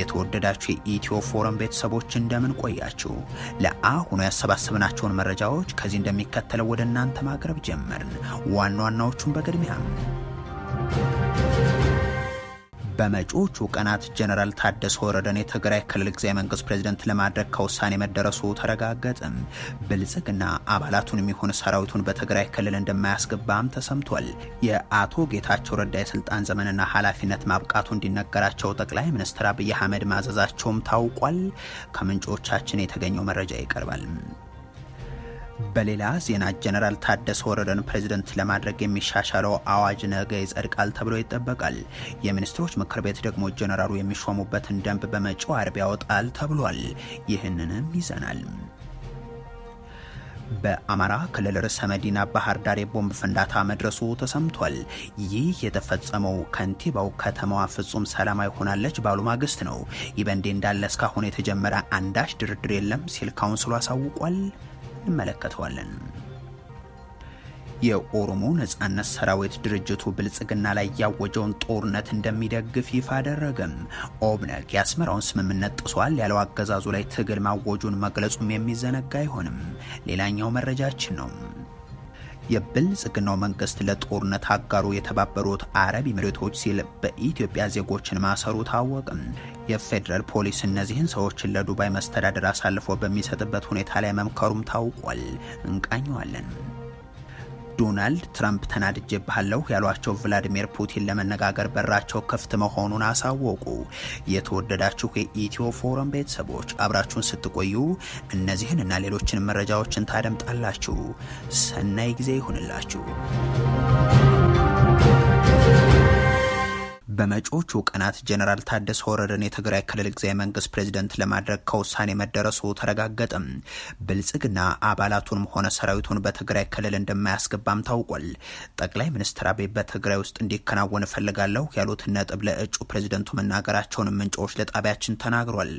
የተወደዳችሁ የኢትዮ ፎረም ቤተሰቦች እንደምን ቆያችሁ? ለአሁኑ ያሰባሰብናቸውን መረጃዎች ከዚህ እንደሚከተለው ወደ እናንተ ማቅረብ ጀመርን። ዋና ዋናዎቹን በቅድሚያም በመጪዎቹ ቀናት ጀነራል ታደሰ ወረደን የትግራይ ክልል ጊዜያዊ መንግስት ፕሬዝደንት ለማድረግ ከውሳኔ መደረሱ ተረጋገጠም። ብልጽግና አባላቱን የሚሆን ሰራዊቱን በትግራይ ክልል እንደማያስገባም ተሰምቷል። የአቶ ጌታቸው ረዳ የስልጣን ዘመንና ኃላፊነት ማብቃቱ እንዲነገራቸው ጠቅላይ ሚኒስትር አብይ አህመድ ማዘዛቸውም ታውቋል። ከምንጮቻችን የተገኘው መረጃ ይቀርባል። በሌላ ዜና ጀነራል ታደሰ ወረደን ፕሬዝደንት ለማድረግ የሚሻሻለው አዋጅ ነገ ይጸድቃል ተብሎ ይጠበቃል። የሚኒስትሮች ምክር ቤት ደግሞ ጀነራሉ የሚሾሙበትን ደንብ በመጪው አርብ ያወጣል ተብሏል። ይህንንም ይዘናል። በአማራ ክልል ርዕሰ መዲና ባህር ዳር የቦምብ ፍንዳታ መድረሱ ተሰምቷል። ይህ የተፈጸመው ከንቲባው ከተማዋ ፍጹም ሰላማዊ ሆናለች ባሉ ማግስት ነው። ይህ በእንዲህ እንዳለ እስካሁን የተጀመረ አንዳች ድርድር የለም ሲል ካውንስሉ አሳውቋል። እንመለከተዋለን። የኦሮሞ ነጻነት ሰራዊት ድርጅቱ ብልጽግና ላይ ያወጀውን ጦርነት እንደሚደግፍ ይፋ አደረገም። ኦብነግ የአስመራውን ስምምነት ጥሷል ያለው አገዛዙ ላይ ትግል ማወጁን መግለጹም የሚዘነጋ አይሆንም። ሌላኛው መረጃችን ነው። የብልጽግናው መንግስት ለጦርነት አጋሩ የተባበሩት አረብ ኤሚሬቶች ሲል በኢትዮጵያ ዜጎችን ማሰሩ ታወቅም። የፌዴራል ፖሊስ እነዚህን ሰዎችን ለዱባይ መስተዳደር አሳልፎ በሚሰጥበት ሁኔታ ላይ መምከሩም ታውቋል። እንቃኘዋለን። ዶናልድ ትራምፕ ተናድጄብሃለሁ ያሏቸው ቭላዲሚር ፑቲን ለመነጋገር በራቸው ክፍት መሆኑን አሳወቁ። የተወደዳችሁ የኢትዮ ፎረም ቤተሰቦች አብራችሁን ስትቆዩ እነዚህን እና ሌሎችን መረጃዎችን ታደምጣላችሁ። ሰናይ ጊዜ ይሁንላችሁ። በመጪዎቹ ቀናት ጀነራል ታደሰ ወረደን የትግራይ ክልል ጊዜያዊ መንግስት ፕሬዚደንት ለማድረግ ከውሳኔ መደረሱ ተረጋገጠም። ብልጽግና አባላቱንም ሆነ ሰራዊቱን በትግራይ ክልል እንደማያስገባም ታውቋል። ጠቅላይ ሚኒስትር አብይ በትግራይ ውስጥ እንዲከናወን እፈልጋለሁ ያሉትን ነጥብ ለእጩ ፕሬዚደንቱ መናገራቸውን ምንጮች ለጣቢያችን ተናግሯል።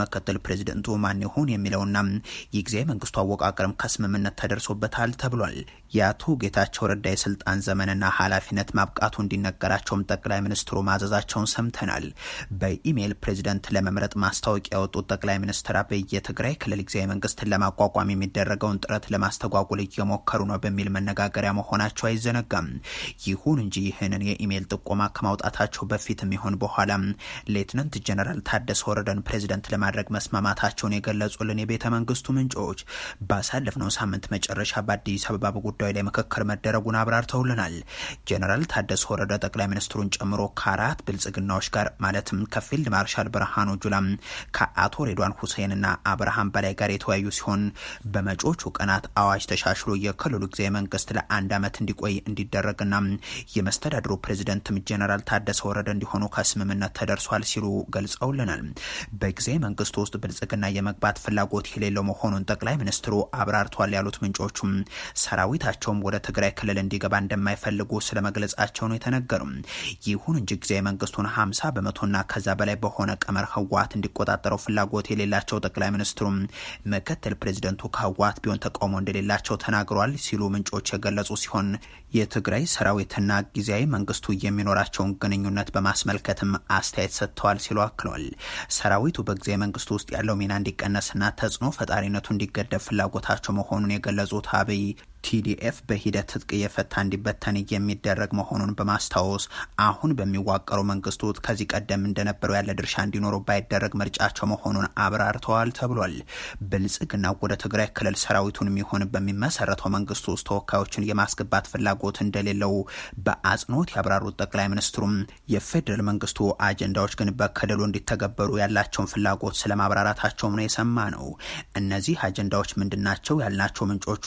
ምክትል ፕሬዚደንቱ ማን ይሁን የሚለውና የጊዜያዊ መንግስቱ አወቃቀርም ከስምምነት ተደርሶበታል ተብሏል። የአቶ ጌታቸው ረዳ የስልጣን ዘመንና ኃላፊነት ማብቃቱ እንዲነገራቸውም ጠቅላይ ሚኒስትር ሚኒስትሩ ማዘዛቸውን ሰምተናል። በኢሜይል ፕሬዚደንት ለመምረጥ ማስታወቂያ ያወጡት ጠቅላይ ሚኒስትር አብይ የትግራይ ክልል ጊዜያዊ መንግስትን ለማቋቋም የሚደረገውን ጥረት ለማስተጓጉል እየሞከሩ ነው በሚል መነጋገሪያ መሆናቸው አይዘነጋም። ይሁን እንጂ ይህንን የኢሜይል ጥቆማ ከማውጣታቸው በፊትም ይሆን በኋላ ሌትናንት ጀነራል ታደሰ ወረደን ፕሬዚደንት ለማድረግ መስማማታቸውን የገለጹልን የቤተ መንግስቱ ምንጮች ባሳለፍነው ሳምንት መጨረሻ በአዲስ አበባ በጉዳዩ ላይ ምክክር መደረጉን አብራርተውልናል። ጀነራል ታደሰ ወረደ ጠቅላይ ሚኒስትሩን ጨምሮ ከአራት ብልጽግናዎች ጋር ማለትም ከፊልድ ማርሻል ብርሃኑ ጁላም ከአቶ ሬድዋን ሁሴንና አብርሃም በላይ ጋር የተወያዩ ሲሆን በመጪዎቹ ቀናት አዋጅ ተሻሽሎ የክልሉ ጊዜያዊ መንግስት ለአንድ ዓመት እንዲቆይ እንዲደረግና የመስተዳድሩ ፕሬዚደንትም ጀነራል ታደሰ ወረደ እንዲሆኑ ከስምምነት ተደርሷል ሲሉ ገልጸውልናል። በጊዜያዊ መንግስት ውስጥ ብልጽግና የመግባት ፍላጎት የሌለው መሆኑን ጠቅላይ ሚኒስትሩ አብራርቷል ያሉት ምንጮቹም ሰራዊታቸውም ወደ ትግራይ ክልል እንዲገባ እንደማይፈልጉ ስለመግለጻቸው ነው የተነገሩ። ይሁን እንጂ ጊዜያዊ መንግስቱን 50 በመቶና ከዛ በላይ በሆነ ቀመር ህወሓት እንዲቆጣጠረው ፍላጎት የሌላቸው ጠቅላይ ሚኒስትሩም ምክትል ፕሬዚደንቱ ከህወሓት ቢሆን ተቃውሞ እንደሌላቸው ተናግሯል ሲሉ ምንጮች የገለጹ ሲሆን የትግራይ ሰራዊትና ጊዜያዊ መንግስቱ የሚኖራቸውን ግንኙነት በማስመልከትም አስተያየት ሰጥተዋል ሲሉ አክለዋል። ሰራዊቱ በጊዜያዊ መንግስቱ ውስጥ ያለው ሚና እንዲቀነስና ተጽዕኖ ፈጣሪነቱ እንዲገደብ ፍላጎታቸው መሆኑን የገለጹት አብይ ቲዲኤፍ በሂደት ትጥቅ እየፈታ እንዲበተን የሚደረግ መሆኑን በማስታወስ አሁን በሚዋቀረው መንግስት ውስጥ ከዚህ ቀደም እንደነበረው ያለ ድርሻ እንዲኖረው ባይደረግ ምርጫቸው መሆኑን አብራርተዋል ተብሏል። ብልጽግና ወደ ትግራይ ክልል ሰራዊቱን የሚሆን በሚመሰረተው መንግስት ውስጥ ተወካዮችን የማስገባት ፍላጎት እንደሌለው በአጽንኦት ያብራሩት ጠቅላይ ሚኒስትሩም የፌዴራል መንግስቱ አጀንዳዎች ግን በክልሉ እንዲተገበሩ ያላቸውን ፍላጎት ስለማብራራታቸውም ነው የሰማ ነው። እነዚህ አጀንዳዎች ምንድናቸው ያልናቸው ምንጮቹ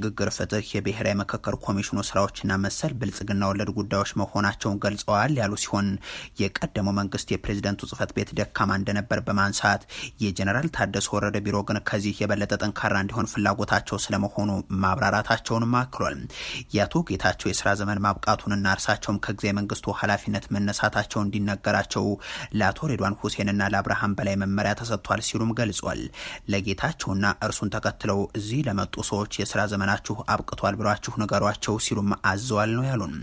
የሽግግር ፍትህ፣ የብሔራዊ ምክክር ኮሚሽኑ ስራዎችና መሰል ብልጽግና ወለድ ጉዳዮች መሆናቸውን ገልጸዋል ያሉ ሲሆን የቀደመው መንግስት የፕሬዝደንቱ ጽህፈት ቤት ደካማ እንደነበር በማንሳት የጀኔራል ታደሰ ወረደ ቢሮ ግን ከዚህ የበለጠ ጠንካራ እንዲሆን ፍላጎታቸው ስለመሆኑ ማብራራታቸውንም አክሏል። የአቶ ጌታቸው የስራ ዘመን ማብቃቱንና እርሳቸውም ከጊዜ መንግስቱ ኃላፊነት መነሳታቸው እንዲነገራቸው ለአቶ ሬድዋን ሁሴንና ለአብርሃም በላይ መመሪያ ተሰጥቷል ሲሉም ገልጿል። ለጌታቸውና እርሱን ተከትለው እዚህ ለመጡ ሰዎች የስራ ዘመን ስልጣናችሁ አብቅቷል ብሏችሁ ነገሯቸው ሲሉም አዘዋል ነው ያሉን።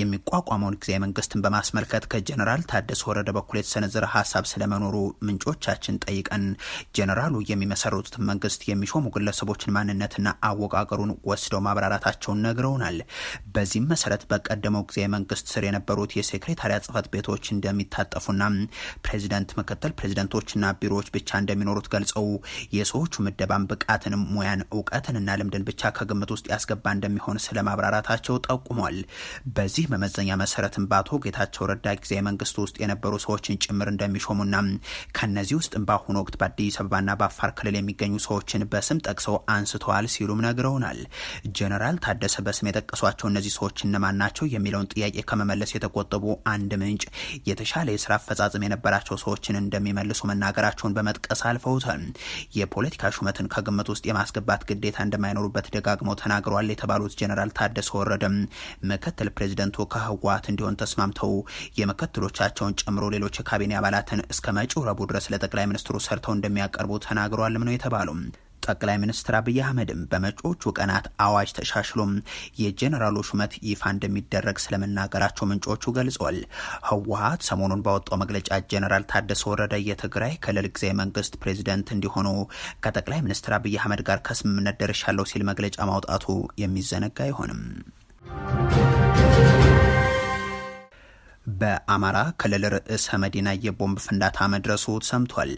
የሚቋቋመውን ጊዜያዊ መንግስትን በማስመልከት ከጀነራል ታደሰ ወረደ በኩል የተሰነዘረ ሀሳብ ስለመኖሩ ምንጮቻችን ጠይቀን ጀነራሉ የሚመሰርቱትን መንግስት የሚሾሙ ግለሰቦችን ማንነትና አወቃቀሩን ወስደው ማብራራታቸውን ነግረውናል። በዚህም መሰረት በቀደመው ጊዜያዊ መንግስት ስር የነበሩት የሴክሬታሪያ ጽህፈት ቤቶች እንደሚታጠፉና ፕሬዚደንት፣ ምክትል ፕሬዚደንቶችና ቢሮዎች ብቻ እንደሚኖሩት ገልጸው የሰዎቹ ምደባን ብቃትንም ሙያን እውቀትንና ልምድን ብቻ ግምት ውስጥ ያስገባ እንደሚሆን ስለ ማብራራታቸው ጠቁሟል። በዚህ መመዘኛ መሰረትም በአቶ ጌታቸው ረዳ ጊዜ መንግስት ውስጥ የነበሩ ሰዎችን ጭምር እንደሚሾሙና ከነዚህ ውስጥም በአሁኑ ወቅት በአዲስ አበባና በአፋር ክልል የሚገኙ ሰዎችን በስም ጠቅሰው አንስተዋል ሲሉም ነግረውናል። ጀነራል ታደሰ በስም የጠቀሷቸው እነዚህ ሰዎች እነማን ናቸው የሚለውን ጥያቄ ከመመለስ የተቆጠቡ አንድ ምንጭ የተሻለ የስራ አፈጻጽም የነበራቸው ሰዎችን እንደሚመልሱ መናገራቸውን በመጥቀስ አልፈውታል። የፖለቲካ ሹመትን ከግምት ውስጥ የማስገባት ግዴታ እንደማይኖሩበት ደጋ አጠራቅመው ተናግረዋል የተባሉት ጀነራል ታደሰ ወረደም ምክትል ፕሬዚደንቱ ከህወሓት እንዲሆን ተስማምተው የምክትሎቻቸውን ጨምሮ ሌሎች የካቢኔ አባላትን እስከ መጪው ረቡዕ ድረስ ለጠቅላይ ሚኒስትሩ ሰርተው እንደሚያቀርቡ ተናግረዋልም ነው የተባሉ ጠቅላይ ሚኒስትር አብይ አህመድም በመጪዎቹ ቀናት አዋጅ ተሻሽሎም የጄኔራሉ ሹመት ይፋ እንደሚደረግ ስለመናገራቸው ምንጮቹ ገልጿል። ህወሀት ሰሞኑን ባወጣው መግለጫ ጄኔራል ታደሰ ወረደ የትግራይ ክልል ጊዜያዊ መንግስት ፕሬዚደንት እንዲሆኑ ከጠቅላይ ሚኒስትር አብይ አህመድ ጋር ከስምምነት ደርሻለሁ ሲል መግለጫ ማውጣቱ የሚዘነጋ አይሆንም። በአማራ ክልል ርዕሰ መዲና የቦምብ ፍንዳታ መድረሱ ሰምቷል።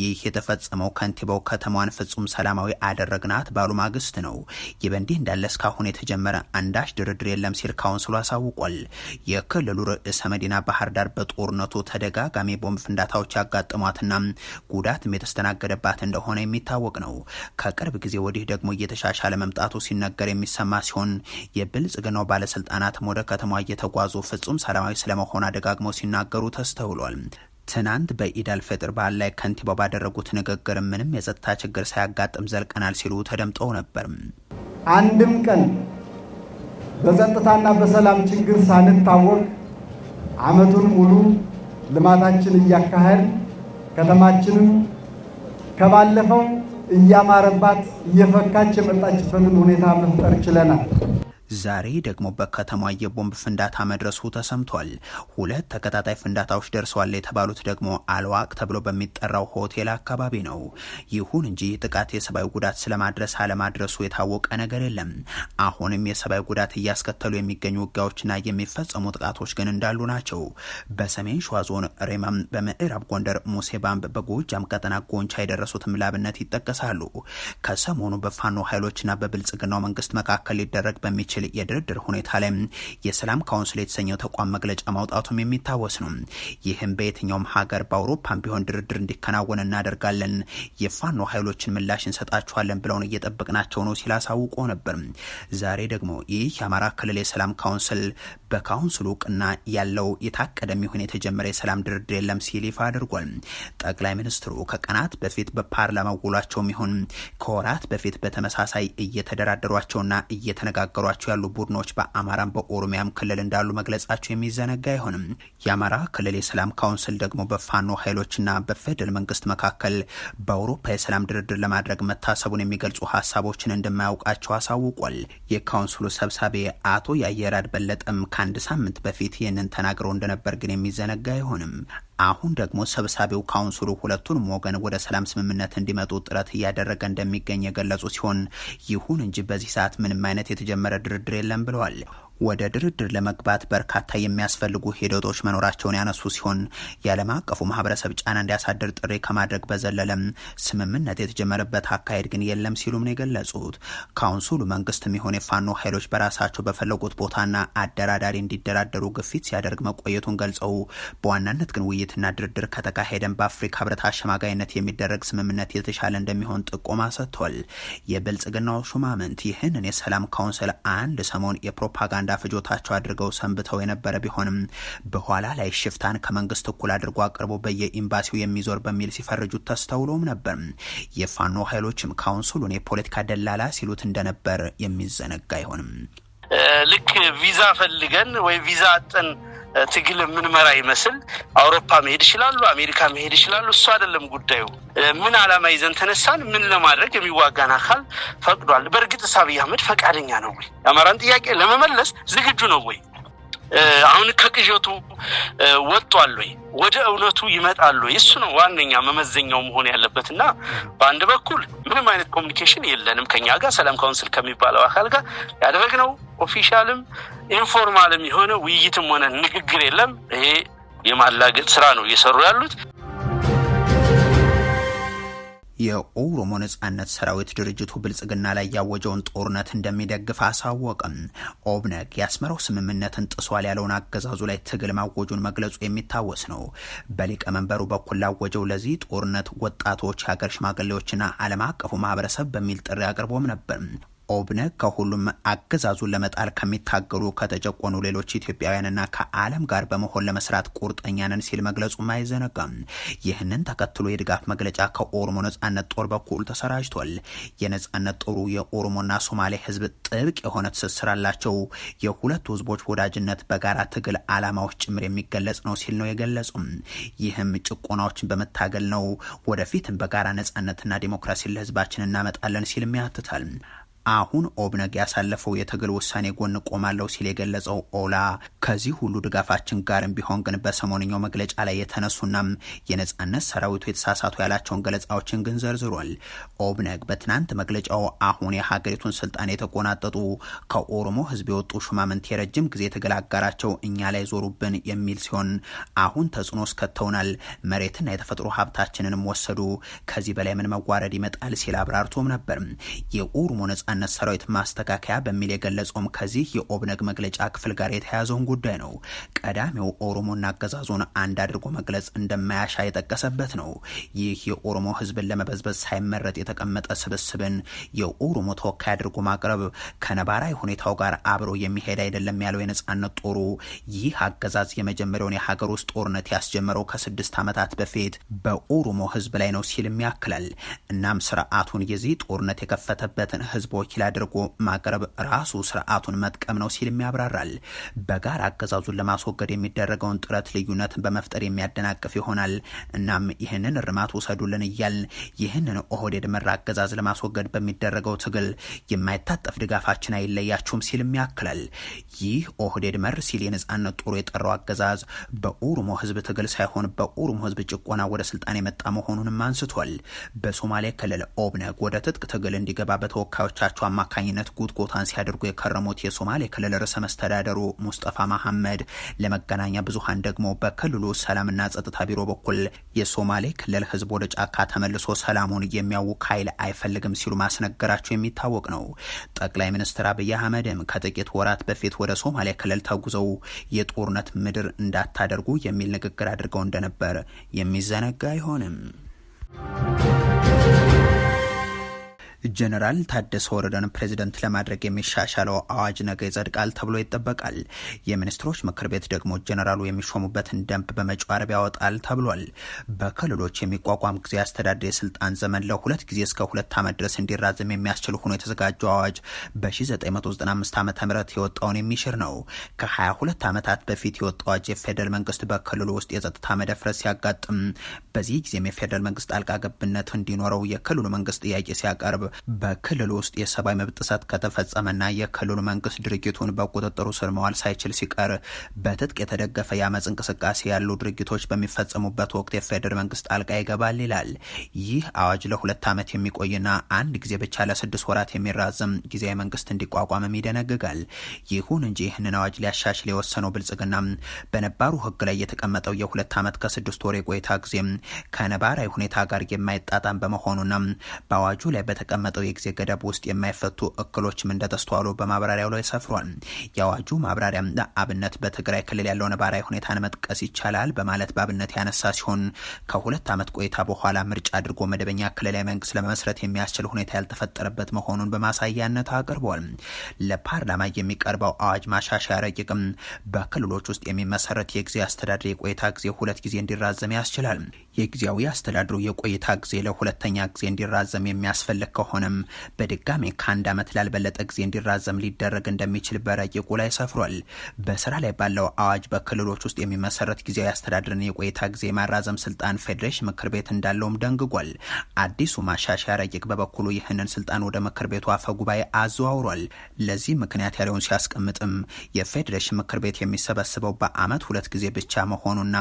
ይህ የተፈጸመው ከንቲባው ከተማዋን ፍጹም ሰላማዊ አደረግናት ባሉ ማግስት ነው። ይህ በእንዲህ እንዳለ እስካሁን የተጀመረ አንዳች ድርድር የለም ሲል ካውንስሉ አሳውቋል። የክልሉ ርዕሰ መዲና ባህር ዳር በጦርነቱ ተደጋጋሚ ቦምብ ፍንዳታዎች ያጋጥሟትና ጉዳትም የተስተናገደባት እንደሆነ የሚታወቅ ነው። ከቅርብ ጊዜ ወዲህ ደግሞ እየተሻሻለ መምጣቱ ሲነገር የሚሰማ ሲሆን የብልጽግናው ባለስልጣናት ወደ ከተማ እየተጓዙ ፍጹም ሰላማዊ ስለመሆኑ መሆን ደጋግመው ሲናገሩ ተስተውሏል። ትናንት በኢድ አልፈጥር በዓል ላይ ከንቲባው ባደረጉት ንግግር ምንም የጸጥታ ችግር ሳያጋጥም ዘልቀናል ሲሉ ተደምጠው ነበር። አንድም ቀን በጸጥታና በሰላም ችግር ሳንታወቅ ዓመቱን ሙሉ ልማታችን እያካሄድ ከተማችንም ከባለፈው እያማረባት እየፈካች የመጣችበትን ሁኔታ መፍጠር ችለናል። ዛሬ ደግሞ በከተማ የቦምብ ፍንዳታ መድረሱ ተሰምቷል። ሁለት ተከታታይ ፍንዳታዎች ደርሰዋል የተባሉት ደግሞ አልዋቅ ተብሎ በሚጠራው ሆቴል አካባቢ ነው። ይሁን እንጂ ጥቃት የሰብአዊ ጉዳት ስለማድረስ አለማድረሱ የታወቀ ነገር የለም። አሁንም የሰብአዊ ጉዳት እያስከተሉ የሚገኙ ውጊያዎችና የሚፈጸሙ ጥቃቶች ግን እንዳሉ ናቸው። በሰሜን ሸዋ ዞን ሬማም፣ በምዕራብ ጎንደር ሙሴ ባምብ፣ በጎጃም ቀጠና ጎንቻ የደረሱትም ላብነት ይጠቀሳሉ። ከሰሞኑ በፋኖ ኃይሎችና በብልጽግናው መንግስት መካከል ሊደረግ በሚችል በሚችል የድርድር ሁኔታ ላይ የሰላም ካውንስል የተሰኘው ተቋም መግለጫ ማውጣቱም የሚታወስ ነው። ይህም በየትኛውም ሀገር በአውሮፓም ቢሆን ድርድር እንዲከናወን እናደርጋለን፣ የፋኖ ኃይሎችን ምላሽ እንሰጣቸዋለን ብለውን እየጠበቅናቸው ነው ሲል አሳውቆ ነበር። ዛሬ ደግሞ ይህ የአማራ ክልል የሰላም ካውንስል በካውንስሉ እውቅና ያለው የታቀደ የሚሆን የተጀመረ የሰላም ድርድር የለም ሲል ይፋ አድርጓል። ጠቅላይ ሚኒስትሩ ከቀናት በፊት በፓርላማ ውሏቸው የሚሆን ከወራት በፊት በተመሳሳይ እየተደራደሯቸውና እየተነጋገሯቸው ያሉ ቡድኖች በአማራም በኦሮሚያም ክልል እንዳሉ መግለጻቸው የሚዘነጋ አይሆንም። የአማራ ክልል የሰላም ካውንስል ደግሞ በፋኖ ኃይሎችና በፌደራል መንግስት መካከል በአውሮፓ የሰላም ድርድር ለማድረግ መታሰቡን የሚገልጹ ሀሳቦችን እንደማያውቃቸው አሳውቋል። የካውንስሉ ሰብሳቢ አቶ የአየራድ በለጠም ከአንድ ሳምንት በፊት ይህንን ተናግረው እንደነበር ግን የሚዘነጋ አይሆንም። አሁን ደግሞ ሰብሳቢው ካውንስሉ ሁለቱንም ወገን ወደ ሰላም ስምምነት እንዲመጡ ጥረት እያደረገ እንደሚገኝ የገለጹ ሲሆን ይሁን እንጂ በዚህ ሰዓት ምንም አይነት የተጀመረ ድርድር የለም ብለዋል። ወደ ድርድር ለመግባት በርካታ የሚያስፈልጉ ሂደቶች መኖራቸውን ያነሱ ሲሆን የዓለም አቀፉ ማህበረሰብ ጫና እንዲያሳድር ጥሪ ከማድረግ በዘለለም ስምምነት የተጀመረበት አካሄድ ግን የለም ሲሉም ነው የገለጹት። ካውንስሉ መንግስት የሚሆን የፋኖ ኃይሎች በራሳቸው በፈለጉት ቦታና አደራዳሪ እንዲደራደሩ ግፊት ሲያደርግ መቆየቱን ገልጸው በዋናነት ግን ውይይትና ድርድር ከተካሄደን በአፍሪካ ህብረት አሸማጋይነት የሚደረግ ስምምነት የተሻለ እንደሚሆን ጥቆማ ሰጥቷል። የብልጽግናው ሹማምንት ይህንን የሰላም ካውንስል አንድ ሰሞን የፕሮፓጋንዳ ፕሮፓጋንዳ ፍጆታቸው አድርገው ሰንብተው የነበረ ቢሆንም በኋላ ላይ ሽፍታን ከመንግስት እኩል አድርጎ አቅርቦ በየኤምባሲው የሚዞር በሚል ሲፈርጁት ተስተውሎም ነበር። የፋኖ ኃይሎችም ካውንስሉን የፖለቲካ ደላላ ሲሉት እንደነበር የሚዘነጋ አይሆንም። ልክ ቪዛ ፈልገን ወይ ቪዛ አጥን ትግል የምንመራ ይመስል አውሮፓ መሄድ ይችላሉ፣ አሜሪካ መሄድ ይችላሉ። እሱ አይደለም ጉዳዩ። ምን ዓላማ ይዘን ተነሳን፣ ምን ለማድረግ የሚዋጋን አካል ፈቅዷል። በእርግጥ ሳብይ አህመድ ፈቃደኛ ነው ወይ? የአማራን ጥያቄ ለመመለስ ዝግጁ ነው ወይ? አሁን ከቅዠቱ ወጥቷል ወይ ወደ እውነቱ ይመጣል ወይ? እሱ ነው ዋነኛ መመዘኛው መሆን ያለበት እና በአንድ በኩል ምንም አይነት ኮሚኒኬሽን የለንም ከኛ ጋር ሰላም ካውንስል ከሚባለው አካል ጋር ያደረግነው ኦፊሻልም ኢንፎርማልም የሆነ ውይይትም ሆነ ንግግር የለም። ይሄ የማላገጥ ስራ ነው እየሰሩ ያሉት። የኦሮሞ ነጻነት ሰራዊት ድርጅቱ ብልጽግና ላይ ያወጀውን ጦርነት እንደሚደግፍ አሳወቅም። ኦብነግ የአስመራው ስምምነትን ጥሷል ያለውን አገዛዙ ላይ ትግል ማወጁን መግለጹ የሚታወስ ነው። በሊቀመንበሩ በኩል ላወጀው ለዚህ ጦርነት ወጣቶች፣ የሀገር ሽማግሌዎችና ዓለም አቀፉ ማህበረሰብ በሚል ጥሪ አቅርቦም ነበር። ኦብነግ ከሁሉም አገዛዙን ለመጣል ከሚታገሉ ከተጨቆኑ ሌሎች ኢትዮጵያውያንና ከዓለም ጋር በመሆን ለመስራት ቁርጠኛ ነን ሲል መግለጹም አይዘነጋም። ይህንን ተከትሎ የድጋፍ መግለጫ ከኦሮሞ ነጻነት ጦር በኩል ተሰራጅቷል። የነጻነት ጦሩ የኦሮሞና ሶማሌ ህዝብ ጥብቅ የሆነ ትስስር አላቸው፣ የሁለቱ ህዝቦች ወዳጅነት በጋራ ትግል አላማዎች ጭምር የሚገለጽ ነው ሲል ነው የገለጹም። ይህም ጭቆናዎችን በመታገል ነው፣ ወደፊትም በጋራ ነጻነትና ዲሞክራሲን ለህዝባችን እናመጣለን ሲልም ያትታል። አሁን ኦብነግ ያሳለፈው የትግል ውሳኔ ጎን ቆማለሁ ሲል የገለጸው ኦላ ከዚህ ሁሉ ድጋፋችን ጋርም ቢሆን ግን በሰሞንኛው መግለጫ ላይ የተነሱናም የነጻነት ሰራዊቱ የተሳሳቱ ያላቸውን ገለጻዎችን ግን ዘርዝሯል። ኦብነግ በትናንት መግለጫው አሁን የሀገሪቱን ስልጣን የተቆናጠጡ ከኦሮሞ ህዝብ የወጡ ሹማምንት የረጅም ጊዜ ትግል አጋራቸው እኛ ላይ ዞሩብን የሚል ሲሆን አሁን ተጽዕኖ እስከተውናል፣ መሬትና የተፈጥሮ ሀብታችንንም ወሰዱ፣ ከዚህ በላይ ምን መዋረድ ይመጣል ሲል አብራርቶም ነበር። የኦሮሞ ነጻነት ነጻነት ሰራዊት ማስተካከያ በሚል የገለጸውም ከዚህ የኦብነግ መግለጫ ክፍል ጋር የተያያዘውን ጉዳይ ነው። ቀዳሚው ኦሮሞና አገዛዙን አንድ አድርጎ መግለጽ እንደማያሻ የጠቀሰበት ነው። ይህ የኦሮሞ ህዝብን ለመበዝበዝ ሳይመረጥ የተቀመጠ ስብስብን የኦሮሞ ተወካይ አድርጎ ማቅረብ ከነባራዊ ሁኔታው ጋር አብሮ የሚሄድ አይደለም ያለው የነጻነት ጦሩ ይህ አገዛዝ የመጀመሪያውን የሀገር ውስጥ ጦርነት ያስጀመረው ከስድስት ዓመታት በፊት በኦሮሞ ህዝብ ላይ ነው ሲልም ያክላል። እናም ስርዓቱን የዚህ ጦርነት የከፈተበትን ህዝቦች ወኪል አድርጎ ማቅረብ ራሱ ስርዓቱን መጥቀም ነው ሲልም ያብራራል። በጋር አገዛዙን ለማስወገድ የሚደረገውን ጥረት ልዩነት በመፍጠር የሚያደናቅፍ ይሆናል። እናም ይህንን እርማት ውሰዱልን እያል ይህንን ኦህዴድ መራ አገዛዝ ለማስወገድ በሚደረገው ትግል የማይታጠፍ ድጋፋችን አይለያችሁም ሲልም ያክላል። ይህ ኦህዴድ መር ሲል የነጻነት ጦሩ የጠራው አገዛዝ በኦሮሞ ህዝብ ትግል ሳይሆን በኦሮሞ ህዝብ ጭቆና ወደ ስልጣን የመጣ መሆኑንም አንስቷል። በሶማሌ ክልል ኦብነግ ወደ ትጥቅ ትግል እንዲገባ በተወካዮቻቸው በመሪዎቻቸው አማካኝነት ጉትጎታን ሲያደርጉ የከረሙት የሶማሌ ክልል ርዕሰ መስተዳደሩ ሙስጠፋ መሐመድ ለመገናኛ ብዙሃን ደግሞ በክልሉ ሰላምና ጸጥታ ቢሮ በኩል የሶማሌ ክልል ህዝብ ወደ ጫካ ተመልሶ ሰላሙን የሚያውቅ ኃይል አይፈልግም ሲሉ ማስነገራቸው የሚታወቅ ነው። ጠቅላይ ሚኒስትር አብይ አህመድም ከጥቂት ወራት በፊት ወደ ሶማሌ ክልል ተጉዘው የጦርነት ምድር እንዳታደርጉ የሚል ንግግር አድርገው እንደነበር የሚዘነጋ አይሆንም። ጀነራል ታደሰ ወረደን ፕሬዚደንት ለማድረግ የሚሻሻለው አዋጅ ነገ ይጸድቃል ተብሎ ይጠበቃል። የሚኒስትሮች ምክር ቤት ደግሞ ጀነራሉ የሚሾሙበትን ደንብ በመጪው ያወጣል ተብሏል። በክልሎች የሚቋቋም ጊዜ አስተዳደር የስልጣን ዘመን ለሁለት ጊዜ እስከ ሁለት ዓመት ድረስ እንዲራዘም የሚያስችል ሆኖ የተዘጋጀው አዋጅ በ1995 ዓ ም የወጣውን የሚሽር ነው። ከ22 ዓመታት በፊት የወጣው አዋጅ የፌደራል መንግስት በክልሉ ውስጥ የጸጥታ መደፍረስ ሲያጋጥም፣ በዚህ ጊዜም የፌደራል መንግስት ጣልቃ ገብነት እንዲኖረው የክልሉ መንግስት ጥያቄ ሲያቀርብ በክልል ውስጥ የሰብአዊ መብት ጥሰት ከተፈጸመና የክልሉ መንግስት ድርጊቱን በቁጥጥሩ ስር መዋል ሳይችል ሲቀር በትጥቅ የተደገፈ የአመፅ እንቅስቃሴ ያሉ ድርጊቶች በሚፈጸሙበት ወቅት የፌዴራል መንግስት ጣልቃ ይገባል ይላል። ይህ አዋጅ ለሁለት ዓመት የሚቆይና አንድ ጊዜ ብቻ ለስድስት ወራት የሚራዘም ጊዜያዊ መንግስት እንዲቋቋምም ይደነግጋል። ይሁን እንጂ ይህንን አዋጅ ሊያሻሽል የወሰነው ብልጽግና በነባሩ ህግ ላይ የተቀመጠው የሁለት ዓመት ከስድስት ወር የቆይታ ጊዜ ከነባራዊ ሁኔታ ጋር የማይጣጣም በመሆኑና በአዋጁ ላይ በተቀመ በተቀመጠው የጊዜ ገደብ ውስጥ የማይፈቱ እክሎችም እንደተስተዋሉ በማብራሪያው ላይ ሰፍሯል። የአዋጁ ማብራሪያም አብነት በትግራይ ክልል ያለው ነባራዊ ሁኔታን መጥቀስ ይቻላል በማለት በአብነት ያነሳ ሲሆን ከሁለት ዓመት ቆይታ በኋላ ምርጫ አድርጎ መደበኛ ክልላዊ መንግስት ለመመስረት የሚያስችል ሁኔታ ያልተፈጠረበት መሆኑን በማሳያነት አቅርቧል። ለፓርላማ የሚቀርበው አዋጅ ማሻሻያ ረቂቅም በክልሎች ውስጥ የሚመሰረት የጊዜ አስተዳደር የቆይታ ጊዜ ሁለት ጊዜ እንዲራዘም ያስችላል። የጊዜያዊ አስተዳድሩ የቆይታ ጊዜ ለሁለተኛ ጊዜ እንዲራዘም የሚያስፈልግ ከሆነም በድጋሜ ከአንድ ዓመት ላልበለጠ ጊዜ እንዲራዘም ሊደረግ እንደሚችል በረቂቁ ላይ ሰፍሯል። በስራ ላይ ባለው አዋጅ በክልሎች ውስጥ የሚመሰረት ጊዜያዊ አስተዳድርን የቆይታ ጊዜ የማራዘም ስልጣን ፌዴሬሽን ምክር ቤት እንዳለውም ደንግጓል። አዲሱ ማሻሻያ ረቂቅ በበኩሉ ይህንን ስልጣን ወደ ምክር ቤቱ አፈ ጉባኤ አዘዋውሯል። ለዚህ ምክንያት ያለውን ሲያስቀምጥም የፌዴሬሽን ምክር ቤት የሚሰበስበው በአመት ሁለት ጊዜ ብቻ መሆኑና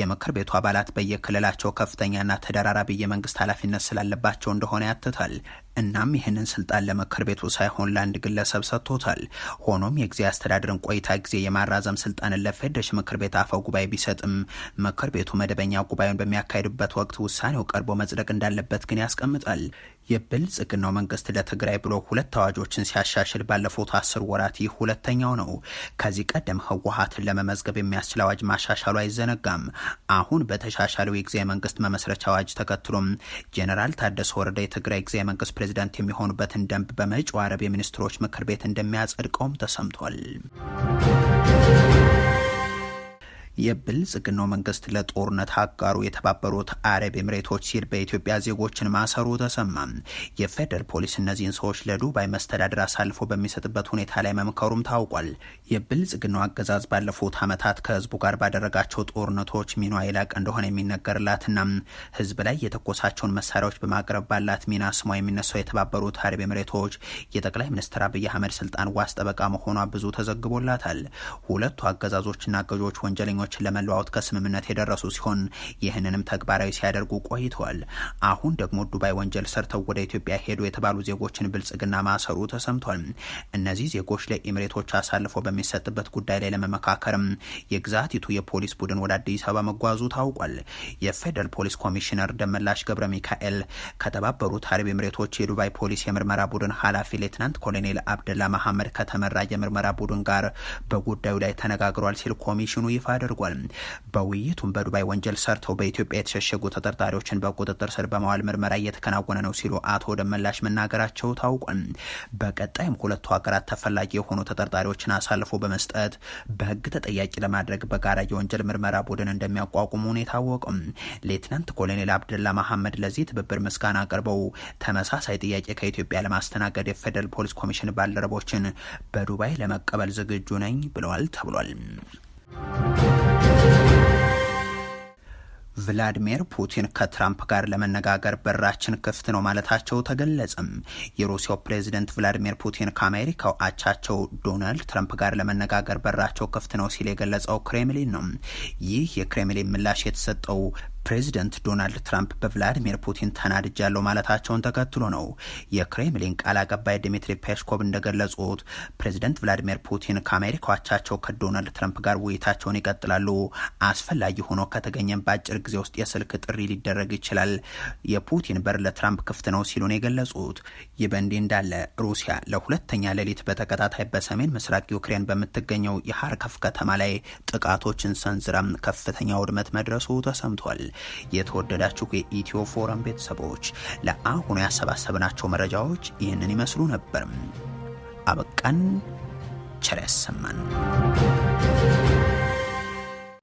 የምክር ቤቱ አባላት በየክልላቸው ያላቸው ከፍተኛና ተደራራቢ የመንግስት ኃላፊነት ስላለባቸው እንደሆነ ያትታል። እናም ይህንን ስልጣን ለምክር ቤቱ ሳይሆን ለአንድ ግለሰብ ሰጥቶታል። ሆኖም የጊዜ አስተዳደርን ቆይታ ጊዜ የማራዘም ስልጣንን ለፌዴሬሽን ምክር ቤት አፈ ጉባኤ ቢሰጥም ምክር ቤቱ መደበኛ ጉባኤውን በሚያካሂድበት ወቅት ውሳኔው ቀርቦ መጽደቅ እንዳለበት ግን ያስቀምጣል። የብልጽግናው መንግስት ለትግራይ ብሎ ሁለት አዋጆችን ሲያሻሽል ባለፉት አስር ወራት ይህ ሁለተኛው ነው። ከዚህ ቀደም ህወሀትን ለመመዝገብ የሚያስችል አዋጅ ማሻሻሉ አይዘነጋም። አሁን በተሻሻለው የጊዜያዊ መንግስት መመስረቻ አዋጅ ተከትሎም ጄኔራል ታደሰ ወረደ የትግራይ ጊዜያዊ መንግስት ፕሬዚዳንት የሚሆኑበትን ደንብ በመጪው አረብ የሚኒስትሮች ምክር ቤት እንደሚያጸድቀውም ተሰምቷል። የብልጽግናው መንግስት ለጦርነት አጋሩ የተባበሩት አረብ ኤምሬቶች ሲል በኢትዮጵያ ዜጎችን ማሰሩ ተሰማ። የፌደራል ፖሊስ እነዚህን ሰዎች ለዱባይ መስተዳድር አሳልፎ በሚሰጥበት ሁኔታ ላይ መምከሩም ታውቋል። የብልጽግናው አገዛዝ ባለፉት ዓመታት ከህዝቡ ጋር ባደረጋቸው ጦርነቶች ሚኗ የላቀ እንደሆነ የሚነገርላትና ህዝብ ላይ የተኮሳቸውን መሳሪያዎች በማቅረብ ባላት ሚና ስሟ የሚነሳው የተባበሩት አረብ ኤምሬቶች የጠቅላይ ሚኒስትር አብይ አህመድ ስልጣን ዋስ ጠበቃ መሆኗ ብዙ ተዘግቦላታል። ሁለቱ አገዛዞችና ገዦች ወንጀለኞች ቡድኖች ለመለዋወጥ ከስምምነት የደረሱ ሲሆን ይህንንም ተግባራዊ ሲያደርጉ ቆይተዋል። አሁን ደግሞ ዱባይ ወንጀል ሰርተው ወደ ኢትዮጵያ ሄዱ የተባሉ ዜጎችን ብልጽግና ማሰሩ ተሰምቷል። እነዚህ ዜጎች ለኢምሬቶች አሳልፎ በሚሰጥበት ጉዳይ ላይ ለመመካከርም የግዛቲቱ የፖሊስ ቡድን ወደ አዲስ አበባ መጓዙ ታውቋል። የፌዴራል ፖሊስ ኮሚሽነር ደመላሽ ገብረ ሚካኤል ከተባበሩት አረብ ኤምሬቶች የዱባይ ፖሊስ የምርመራ ቡድን ኃላፊ ሌትናንት ኮሎኔል አብደላ መሐመድ ከተመራ የምርመራ ቡድን ጋር በጉዳዩ ላይ ተነጋግሯል ሲል ኮሚሽኑ ይፋ አድርጓል። ተደርጓል። በውይይቱም በዱባይ ወንጀል ሰርተው በኢትዮጵያ የተሸሸጉ ተጠርጣሪዎችን በቁጥጥር ስር በመዋል ምርመራ እየተከናወነ ነው ሲሉ አቶ ደመላሽ መናገራቸው ታውቋል። በቀጣይም ሁለቱ ሀገራት ተፈላጊ የሆኑ ተጠርጣሪዎችን አሳልፎ በመስጠት በህግ ተጠያቂ ለማድረግ በጋራ የወንጀል ምርመራ ቡድን እንደሚያቋቁሙ ነው የታወቀው። ሌትናንት ኮሎኔል አብደላ መሐመድ ለዚህ ትብብር ምስጋና አቅርበው ተመሳሳይ ጥያቄ ከኢትዮጵያ ለማስተናገድ የፌደራል ፖሊስ ኮሚሽን ባልደረቦችን በዱባይ ለመቀበል ዝግጁ ነኝ ብለዋል ተብሏል። ቭላዲሚር ፑቲን ከትራምፕ ጋር ለመነጋገር በራችን ክፍት ነው ማለታቸው ተገለጸም። የሩሲያው ፕሬዚደንት ቭላዲሚር ፑቲን ከአሜሪካው አቻቸው ዶናልድ ትራምፕ ጋር ለመነጋገር በራቸው ክፍት ነው ሲል የገለጸው ክሬምሊን ነው። ይህ የክሬምሊን ምላሽ የተሰጠው ፕሬዚደንት ዶናልድ ትራምፕ በቭላዲሚር ፑቲን ተናድጃለሁ ማለታቸውን ተከትሎ ነው። የክሬምሊን ቃል አቀባይ ድሚትሪ ፔስኮቭ እንደገለጹት ፕሬዚደንት ቭላዲሚር ፑቲን ከአሜሪካቻቸው አቻቸው ከዶናልድ ትራምፕ ጋር ውይይታቸውን ይቀጥላሉ። አስፈላጊ ሆኖ ከተገኘም በአጭር ጊዜ ውስጥ የስልክ ጥሪ ሊደረግ ይችላል። የፑቲን በር ለትራምፕ ክፍት ነው ሲሉን የገለጹት ይህ በእንዲህ እንዳለ ሩሲያ ለሁለተኛ ሌሊት በተከታታይ በሰሜን ምስራቅ ዩክሬን በምትገኘው የሀርከፍ ከተማ ላይ ጥቃቶችን ሰንዝራም ከፍተኛ ውድመት መድረሱ ተሰምቷል። የተወደዳችሁ የኢትዮ ፎረም ቤተሰቦች ለአሁኑ ያሰባሰብናቸው መረጃዎች ይህንን ይመስሉ ነበር። አበቃን። ቸር ያሰማን።